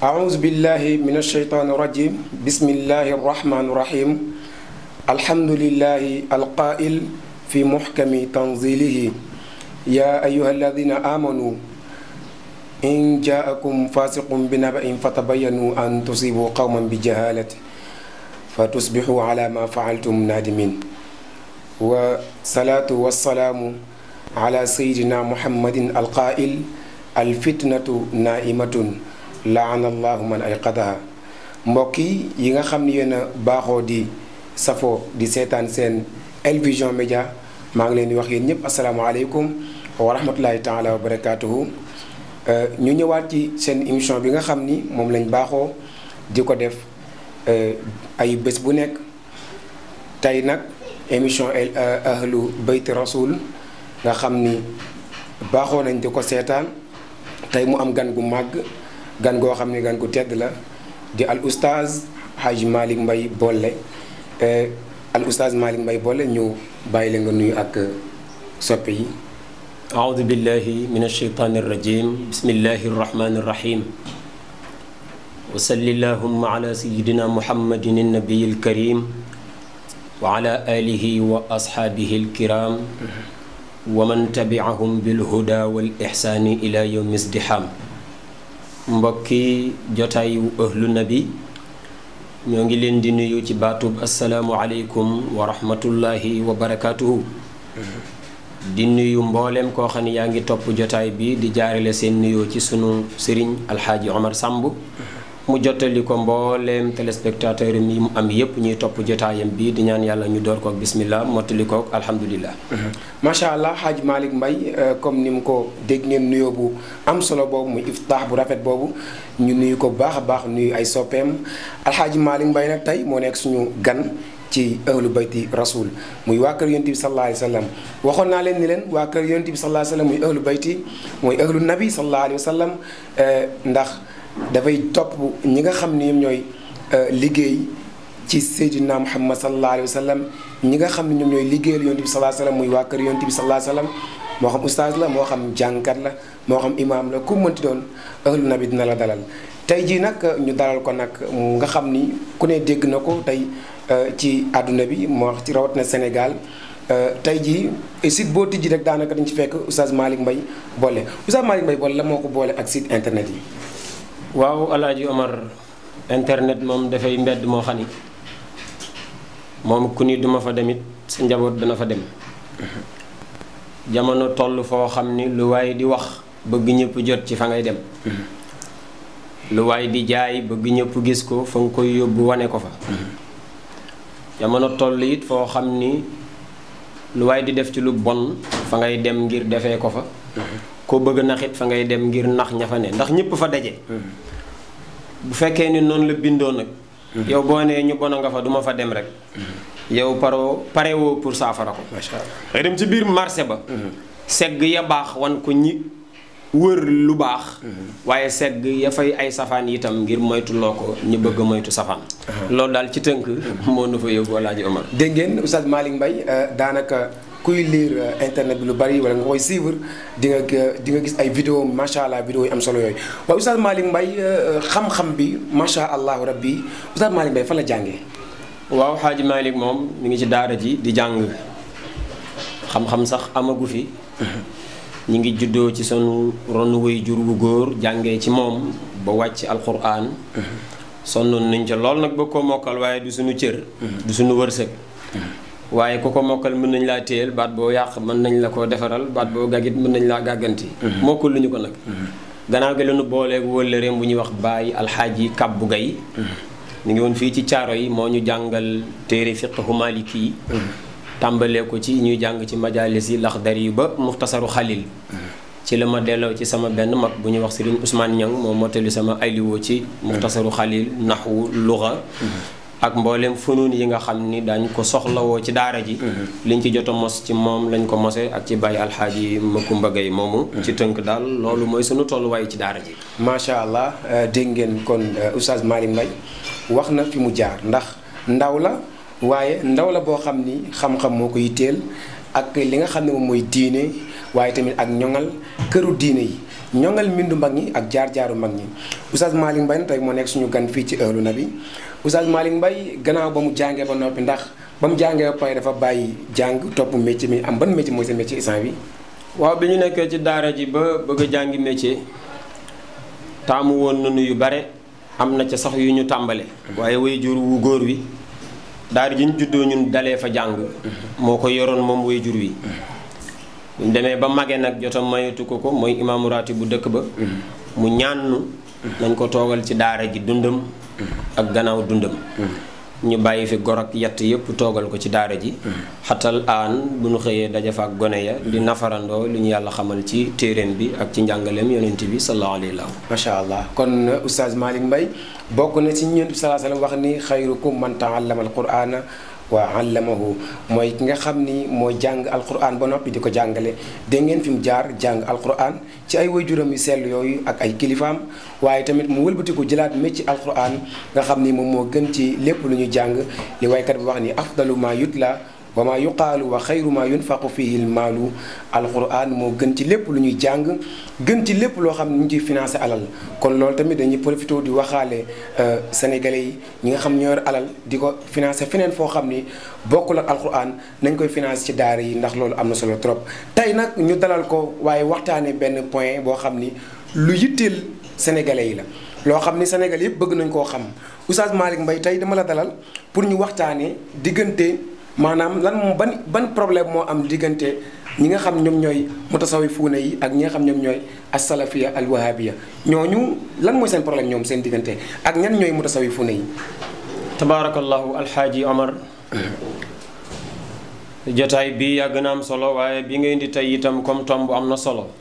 أعوذ بالله من الشيطان الرجيم بسم الله الرحمن الرحيم الحمد لله القائل في محكم تنزيله يا أيها الذين آمنوا إن جاءكم فاسق بنبأ فتبينوا أن تصيبوا قوما بجهالة فتصبحوا على ما فعلتم نادمين والصلاة والسلام على سيدنا محمد القائل الفتنة نائمة laana allahu man ay qadaha mbokk yi nga xam ne yéen baaxoo di safoo di seetaan seen Elvision Média maa ngi leen di wax yéen ñëpp asalaamaaleykum wa rahmatulahi taala wa barakaatuhu euh, ñu ñëwaat ci seen émission bi nga xam ni moom lañ baaxoo di ko def euh, ay bés bu nekk tey nag émission euh, ahlu bayti rasul nga xam ni baaxoo nañ di ko seetaan tey mu am gan gu màgg gan goo xam ne gan gu tedd la di al oustaz Hadj Malick Mbaye Bollé eh, al oustaz Malick Mbaye Bollé ñu bàyyi la nga nuyu ak soppe yi أعوذ بالله من الشيطان الرجيم بسم الله الرحمن الرحيم وصل اللهم على سيدنا محمد النبي الكريم وعلى آله وأصحابه الكرام ومن تبعهم بالهدى والإحسان إلى يوم ازدحام mbokki jotaayu ahlu nabi ñoo ngi leen di nuyu ci baatub assalaamu aleykum wa rahmatullahi di nuyu mboolem koo xam ne yaa ngi topp jotaay bi di jaarale seen nuyoo ci sunu sëriñ alxaaji omar sàmb mu jottali ko mbooleem téléspectateur yi mu am yëpp ñuy topp jotaayam bi di ñaan yàlla ñu door kook bismillah mottali kook alhamdulilah. macha mhm. allah Hadj Malick Mbaye euh, comme ni mu ko dégg ngeen nuyoo bu am solo boobu muy iftaax bu rafet boobu ñu nuyu ko bu baax a baax nuyu ay soppeem alxaaji Malick mbay nag tey moo nekk suñu gan. ci ahlu bayti rasul muy waa kër yonent bi sallallahu wa waxoon naa leen ni leen waa kër yonent bi sallallahu alayhi wa sallam muy ahlu bayti mooy dafay topp ñi nga xam ne ñoom ñooy euh, liggéey ci Seydina Muhammad sallallahu alayhi wa sallam ñi nga xam ne ñoom ñooy liggéeyal yonent bi sallallahu alayhi wa muy waa kër yonent bi sallallahu alayhi wa sallam moo xam ustaas la moo xam jàngkat la moo xam imaam la ku mënti doon ahlu nabi dina la dalal tey jii nag ñu dalal ko nag nga xam ni ku ne dégg na ko tey euh, ci àdduna bi moo wax ci rawatina Sénégal euh, tey jii site boo tijji rek daanaka dañ ci fekk ustaas Malick mbay boole ustaas Malick Mbaye boole la moo ko boole ak site internet yi waaw alaaji Omar internet moom dafay mbedd moo xam moom ku ni duma fa demit sa njaboot dana fa dem jamono toll foo xam ni lu waaye di wax bëgg ñëpp jot ci fa ngay dem lu waay di jaay bëgg ñëpp gis ko fa nga koy yóbbu wane ko fa jamono toll it foo xam ni lu waaye di def ci lu bon fa ngay dem ngir defee ko fa koo bëgg a naxit fa ngay dem ngir nax ña fa ne ndax ñëpp fa daje. Mm-hmm. bu fekkee ni noonu la bindoo nag. Mm-hmm. yow boo nee ñu bon nga fa duma fa dem rek. Mm-hmm. yow paro parewoo pour saafara ko. macha dem ci biir marché ba. segg ya baax wan ko ñi wër lu baax. waaye segg ya fay ay safaan itam ngir moytuloo ko ñu bëgg moytu safaan. Uh-huh. loolu daal ci tënk. moo nu fa yóbbu Alaaji Omar. dégg ngeen Oustaz Malick Mbaye euh, daanaka. kuy lire euh, internet bi lu bari wala nga koy suivre di nga di nga gis ay vidéo macha allah vidéo yu am solo yooyu waaye Oustaz Malick Mbaye euh, euh, xam-xam bi macha allahu rabbi Oustaz Malick Mbaye fan la jàngee. waaw xaaji Malick moom mu ngi ci daara ji di jàng xam-xam sax amagu fi. ñu ngi juddoo ci sunu ronu way jur wu góor jàngee ci moom ba wàcc alquran mhm. sonnoon nañ ca lool nag ba ko mokkal waaye du sunu cër. Mhm. du sunu wërsëg. Mhm. waaye ku ko mokkal mën nañ laa téyel baat boo yàq mën nañ la ko defaral baat boo gàggit mën nañ laa gàgganti mhm. mokkal lu ko nag mhm. gannaaw gi lanu booleeg wëllëreem bu ñuy wax bàyyi alxaaji kàbbu gay ñu mhm. ngi woon fii ci caaro yi moo ñu jàngal téere fiqhu maliki yi tàmbalee ko ci ñuy jàng ci majalis yi laxdar yi ba muxtasaru xalil ci la ma delloo ci sama benn mag bu ñuy wax Serigne Ousmane Niang moo mottali sama ayliwoo ci muxtasaru xalil naxwu luga ak mbooleem funuun yi nga xam ni daañu ko soxlawoo ci daara ji mhm. liñ ci jot a mos ci moom lañ ko mose ak ci bàyyi alxaaji Makumba Gay moomu mhm. ci tënk daal loolu mooy sunu tolluwaay ci daara ji macha allah euh, dégg kon euh, oustaz Malick Mbaye wax na fi mu jaar ndax ndaw la waaye ndaw la boo xam ni xam-xam moo ko yitteel ak li nga xam ne moom mooy diine waaye tamit ak ñoŋal këru diine yi ñoŋal mbindu mag ñi ak jaar-jaaru mag ñi Oustaz Malick Mbaye tey moo nekk suñu gan fii ci Euhlou bi Oustaz Malick Mbaye gannaaw ba mu jàngee ba noppi ndax ba mu jàngee ba pare dafa bàyyi jàng topp métier mi am ban métier mooy sa métier instant bi waaw bi ñu nekkee ci daara ji ba bëgg a jàngi métier taamu woon nañu yu bare am na ca sax yu ñu tàmbale waaye waajur wu góor wi daara ji ñu juddoo ñun dalee fa jàng mm-hmm. moo ko yoroon moom waajur wi mm-hmm. mu demee ba magee nag jotam mayetu ko ko mooy imaamu raati bu dëkk ba mm-hmm. mu ñaannu mm-hmm. nañ ko toogal ci daara ji dundam mm-hmm. ak gannaaw dundam ñu bàyyi fi gor ak yatt yëpp toogal ko ci daara ji xatal aan bu nu xëyee daja fa ak gone ya di nafarandoo li ñu yàlla xamal ci téeréem bi ak ci njàngaleem yonent bi sallallahu alayhi wa macha allah kon euh, oustaz Malick Mbaye bokk na ci ñeent bi sallallahu alayhi wa sallam wax ni xayrukum man taallama alqur'ana wa allamahu mooy ki nga xam ni moo jàng alquran ba noppi di ko jàngale dégg ngeen fi mu jaar jàng alquran ci ay waajuram yu sell yooyu ak ay kilifaam waaye tamit mu wëlbatiku jëlaat mécc alquran nga xam ni moom moo gën ci lépp lu ñu jàng li waykat bi wax ni afdalu ma yutla وما يقال وخير ما ينفق فيه المال القران مو گنت لپ لو ني جانغ گنت لپ لو خام ني فينانس علال كون لول تامي داني بروفيتو دي وخالي سنغالي نيغا خام نيور علال ديكو فينانس فينين فو خامني بوكو لك القران نانكو فينانس سي دار يي ناخ لول امنا سولو تروب تاي ناك ني دالال كو واي وقتاني بن بوين بو خامني لو ييتيل سنغالي لا لو خامني سنغالي يي بڬ نانكو خام استاذ مالك مباي تاي دمالا دالال بور ني وقتاني ديگنتي maanaam lan moom ban ban problème moo am diggante ñi nga xam ñoom ñooy mutasawifuuna yi ak ñi nga xam ñoom ñooy asalafiya alwahabiya ñooñu lan mooy seen problème ñoom seen diggante ak ñan ñooy mutasawifuuna yi. tabaarakallahu alxaaji Omar. jotaay bi yàgg na am solo waaye bi nga tey itam comme tomb am na solo.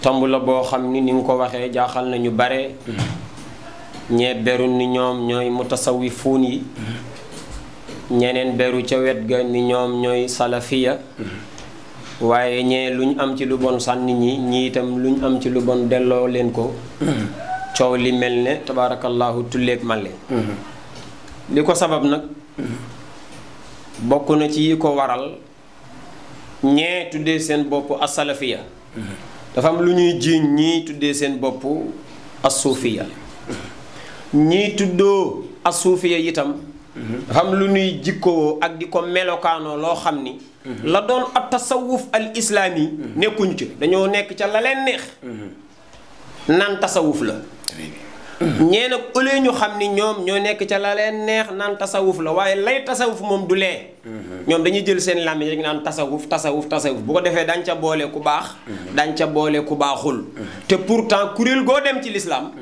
tomb boo xam ni ni nga ko waxee jaaxal nañu bare. Mm-hmm. ñee beru ñoom ñooy mutasawifuun yi. ñeneen beru ca wet ga ni ñoom ñooy salafiya waaye ñee lu ñu am ci lu bon sànni ñi ñii itam lu ñu am ci lu bon delloo leen ko coow li mel ne tabaarakallaahu tulleeg màlle li ko sabab nag bokk na ci yi ko waral ñee seen bopp asalafiya dafa lu ñuy jiiñ ñii tuddee seen bopp asuufiya ñii tuddoo asuufiya itam dafa am lu nuy jikkoo ak di ko melokaanoo loo xam ni la doon at tasawuf al islaam yi nekkuñu ci dañoo nekk ca la leen neex nan tasawuf la ñee nag ëlee ñu xam ni ñoom ñoo nekk ca la neex naan tasawuf la waaye lay tasawuf moom du lee ñoom dañuy jël seen làmmiñ rek naan tasawuf tasawuf tasawuf bu ko defee dañ ca boole ku baax dañ ca boole ku baaxul te pourtant kuréel goo dem ci lislaam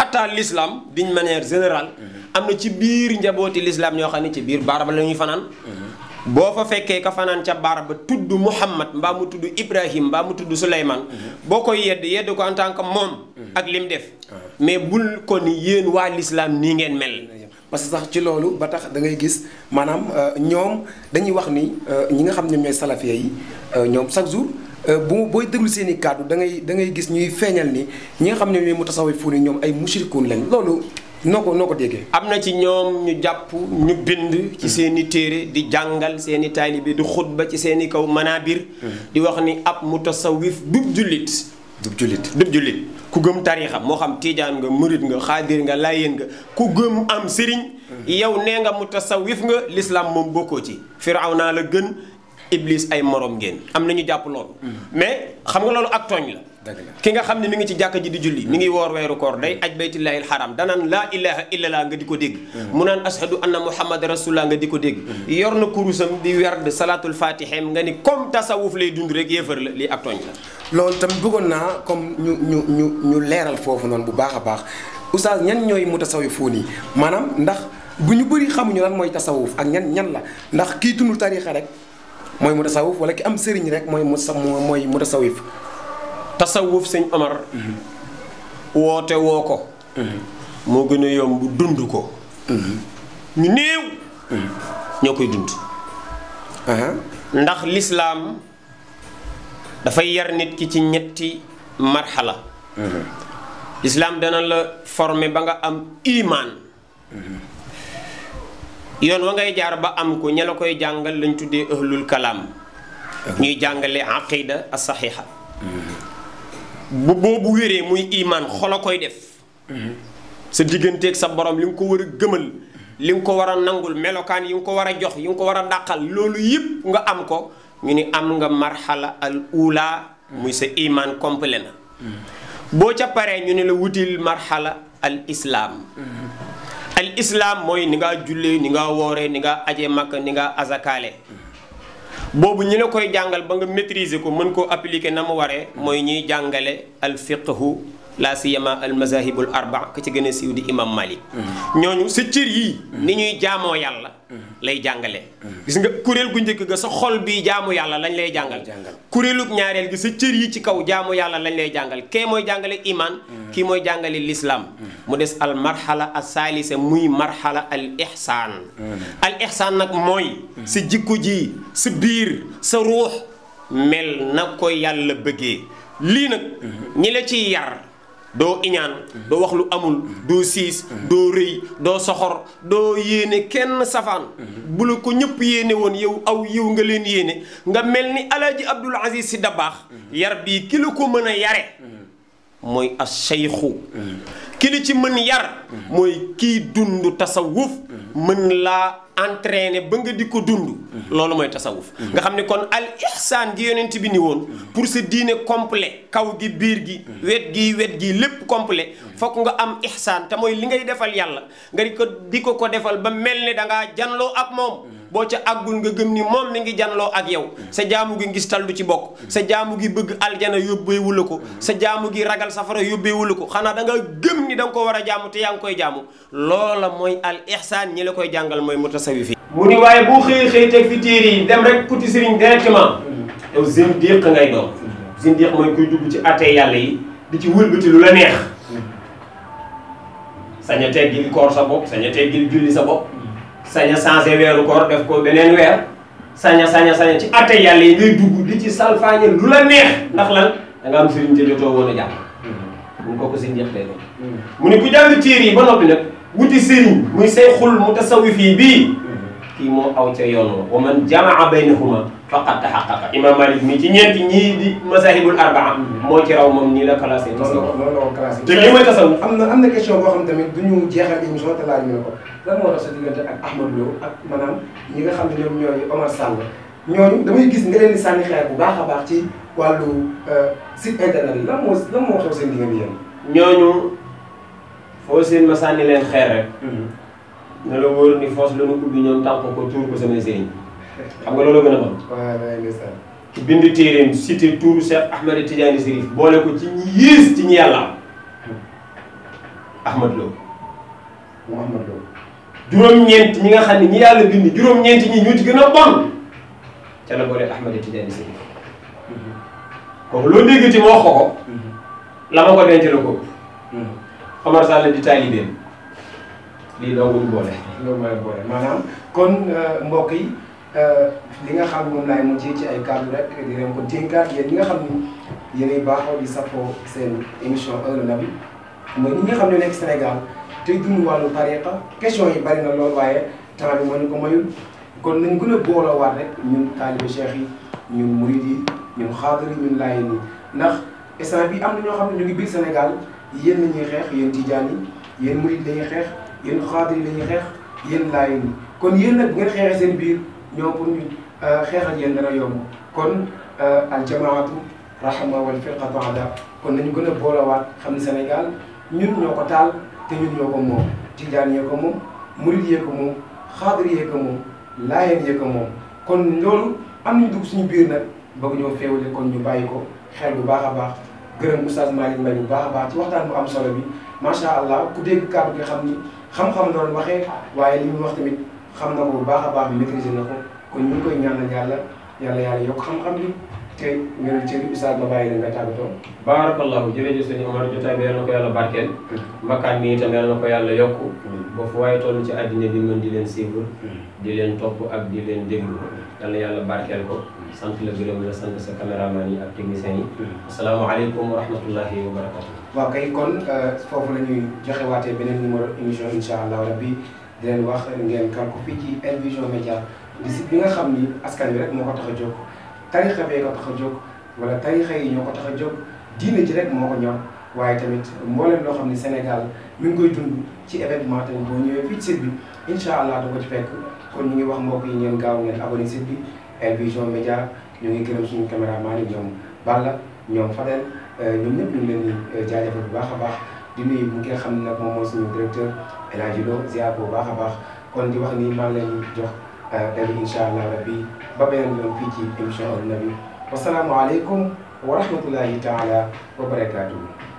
xataa l'islam d'une manière général mhm. am na ci biir njabooti lislaam ñoo xam ne ci biir baaraba la ñuy fanaan mhm. boo fa fekkee ka fanaan ca baaraba tudd Muhammad mbaa mu tudd Ibrahim mbaa mu tudd Suleymaan mhm. boo koy yedd yedd ko en tant que moom ak lim def ah. mais bul ko ni yéen waa l'islam nii ngeen mel parce que sax ci loolu ba tax da ngay gis maanaam euh, ñoom dañuy wax ni euh, ñi nga xam ne ñooy salafiya yi euh, ñoom chaque jour Euh, bu booy déglu seen i kàddu da ngay da gis ñuy feeñal ni ñi nga xam ne ñooy mu tasawee fóon yi ñoom ay mushrikuun lañ loolu noo ko noo ko déggee. am na ci ñoom ñu jàpp ñu bind. ci hmm. seeni téere di jàngal seeni i taalibe di xutba ci seen i kaw manaabir. Hmm. di wax ni ab mutasawif dub jullit. dub jullit dub jullit ku gëm tariixa moo xam tiijaan nga murit nga xaadir nga laayeen nga ku gëm am sëriñ. Hmm. yow nee nga mutasawif nga lislaam moom bokkoo ci. firaw naa la gën. iblis ay morom ngeen am na ñu jàpp loolu. mais xam nga loolu ak tooñ la. ki nga xam ne mu ngi ci jàkk ji di julli mi ngi woor weeru koor day aj baytillahil haram danaan laa ilaha illallah nga di ko dégg mm. mu naan ashadu anna muhammad rasulullah nga di ko dégg mm. yor na kurusam di werd salaatul fatihem nga ni comme tasawuf lay dund rek yéefar la lii ak tooñ la loolu tamit bëggoon naa comme ñu ñu ñu ñu leeral foofu noonu bu baax a baax oustaz ñan ñooy mu tasawifoon nii maanaam ndax bu ñu bëri xamuñu lan mooy tasawuf ak ñan ñan la ndax kii tunul rek mooy mu tasawuf wala ki am sëriñ rek mooy mu sa mooy mu tasawif tasawuf sëñ Omar woote woo ko moo gën a yomb dund ko ñu néew ñoo koy dund ndax lislaam dafay yar nit ki ci ñetti marxala lislaam dana la former ba nga am imaan yoon wa ngay jaar ba am ko ña la koy jàngal lañu tuddee ahlul kalaam ñuy jàngale aqida as saxiixa boobu wéree muy imaan xol a koy def sa digganteeg sa borom li nga ko war a gëmal li nga ko war a nangul melokaan yi nga ko war a jox yi nga ko war a dàqal loolu yëpp nga am ko ñu ni am nga marxala al ula muy sa imaan complet na boo ca paree ñu ne la wutil marxala al islaam al islam mooy ni ngaa jullee ni ngaa wooree ni ngaa ajee màkk ni ngaa azakaale boobu ñu la koy jàngal ba nga maîtriser ko mën koo appliquer na mu waree mooy ñuy jàngale al fiqhu la siyama al mazahibul arba ka ci gën a siiw di imam malik ñooñu sa cër yii ni ñuy jaamoo yàlla lay jàngale gis nga kuréel gu njëkk ga sa xol bi jaamu yàlla lañ lay jàngal kuréelug ñaareel gi sa cër yi ci kaw jaamu yàlla lañ lay jàngal kee mooy jàngale imaan kii mooy jàngale lislaam mu des al marhala al salisa muy marhala al ihsan al ihsan nag mooy sa jikko ji sa biir sa ruux mel na ko yàlla bëggee lii nag ñi la ciy yar doo iñaan doo wax lu amul doo siis doo rëy doo soxor doo yéene kenn safaan bu la ko ñëpp yéene woon yow aw yow nga leen yéene nga mel ni alaaji abdul aziz si dabaax yar bii ki la ko mën a yare mooy aseyxu ki li ci mën yar mooy kiy dund tasawuf mën laa entraîné ba nga di ko dund loolu mooy tasawuf nga xam kon al Ihsan gi yonent bi ni woon pour sa diine complet kaw gi bir gi wet gi wet gi lépp complet fokk nga am ihsan te mooy li ngay defal yàlla nga di ko di ko ko defal ba mel ne dangaa janloo ak mom boo ca àggul nga gëm ni mom mi ngi janloo ak yow sa jaamu gi ngis taldu ci bokk sa jaamu gi bëgg aljana ko sa jaamu gi ragal safara yóbbeewu la ko da nga ni da ko war jaamu te yaa koy jaamu al ihsan ñi la koy jàngal sawi fii mu ni waaye boo xëyee xëy teg fi téere yi dem rek kuti sëriñ directement yow zindiq ngay doon zindiq mooy kuy dugg ci àtte yàlla yi di ci ti lu la neex sañ a teggil sa bopp sañ a sa bopp sañ a weeru koor def ko beneen weer saña saña saña ci àtte yàlla yi di dugg di ci salfaañe lu la neex ndax lan da nga am sëriñ te jotoo woon a jàpp mun kooku zindiq lay doon mm. mu ni ku jàng téere yi ba noppi nag wuti sëriñ muy sayxul mutasawwifi bii kii moo aw ca yoon wa wa man jamaa baynahuma faqad taxaqaqa imam malik mi ci ñeenti ñii di masahibul arbaa moo ci raw moom nii la classé te lii mooy tasawuf am na question boo xam tamit du ñu jeexal émission te laaj ñu ne ko lan moo tax sa diggante ak Ahmad Lo ak maanaam ñi nga xam ne ñoom ñooy Omar Sall ñooñu damay gis nga leen di sànni xeer bu baax baax ci wàllu site internet lan moo lan moo xew seen diggante yéen ñooñu foo seen ma sànni leen xeer rek. Mhm. na ni foos la ñu ubbi ñoom tànq ko tuur ko samay sëriñ xam nga loolu gën a bon. ki bind téeréem cité tuuru Cheikh Ahmed Tidiane Sirif boole ko ci ñi yées ci ñi Lo moom Ahmad Lo juróom-ñeent ñi nga xam ne ñi yàlla bind juróom ñi ñu ci gën a bon ca la boole Ahmed Tidiane Sirif mhm. kon loo dégg ci moo xoko mhm. la ma ko denc la ko Omar Sall di taalibeem lii dooguñu boole. loolu mooy boole maanaam kon euh, mbokk yi euh, li nga xam moom laay mujjee ci ay kàddu rek di leen ko dénkaat yéen ñi nga xam ni yéenay baaxoo di safoo seen émission Heure Nabi mooy ñi nga xam ne nekk Sénégal te dund wàllu tariqa question yi bari na lool waaye temps bi ko mayul kon nañ gën a boolawaat rek ñun taalibe cheikh yi ñun murid yi ñun xaadir yi ñun laayeen yi ndax instant bi am na ñoo xam ne ñu ngi biir Sénégal. yéen nañuy xeex yéen tijaan yi yéen murid lañuy xeex yéen yi lañuy xeex yéen laay yi kon yéen nag bu ngeen xeexee seen biir ñoo pour ñu euh, xeexal yéen dana yomb kon euh, aljamaatu rahma wal firqa baada kon nañu gën a boolawaat xam ne Sénégal ñun ñoo ko taal te ñun ñoo ko moom tijaan yee ko moom murid yee ko moom xaadir yee ko moom laayeen yee ko moom kon loolu am nañu dugg suñu biir nag bëgg ñoo féewale kon ñu bàyyi ko xel bu baax a baax gërëm Oustaz Malick Mbaye baax a baax ci waxtaan bu am solo bi macha allah ku dégg kàddu gi xam ni xam-xam doon waxee waaye li mu wax tamit xam na ko bu baax a baax bi maîtriser na ko kon ñu ngi koy ñaanal yàlla yàlla yàlla yokk xam-xam bi te ngeen ci Oustaz ma bàyyi la nga tàggatoo. baarakallahu jërëjëf sëñ Omar yàlla na ko yàlla barkeel. mbakkaan mi itam yàlla na ko yàlla yokk. ba fu waaye toll ci àddina bi mën di leen suivre. di leen topp ak di leen déglu. yàlla yàlla barkeel ko. sant la gërëm la sant sa caméraman yi ak techniciens yi. asalaamaaleykum wa rahmatullahi wa barakatu. kay kon euh, foofu la ñuy joxe waatee beneen numéro émission incha allah rabbi di leen wax ngeen kàr ko fii ci El Vision Médias di bi nga xam ni askan wi rek moo ko tax a jóg tarixa ko tax a jóg wala tarixa yi ñoo ko tax a jóg rek moo ko ñor waaye tamit mbooleem loo xam ni Sénégal mi ngi koy dund ci événement tamit boo ñëwee fii ci site bi incha allah da ko ci fekk kon ñu ngi wax mbokk yi ngeen gaaw ngeen bi. El Vision Média ñu ngi gërëm suñu caméraman yi ñoom Balla ñoom Fadel euh, ñoom ñu ngi leen di euh, jaajëfal bu baax a baax di nuyu bu nga xam ne nag moom mooy suñu directeur El Hadj Lo ziar bu baax a baax kon di wax ni maa ngi leen jox dégg euh, incha allah rabbi ba beneen yoon fii ci émission Al Nabi wasalaamualeykum wa rahmatullahi taala wa barakaatuhu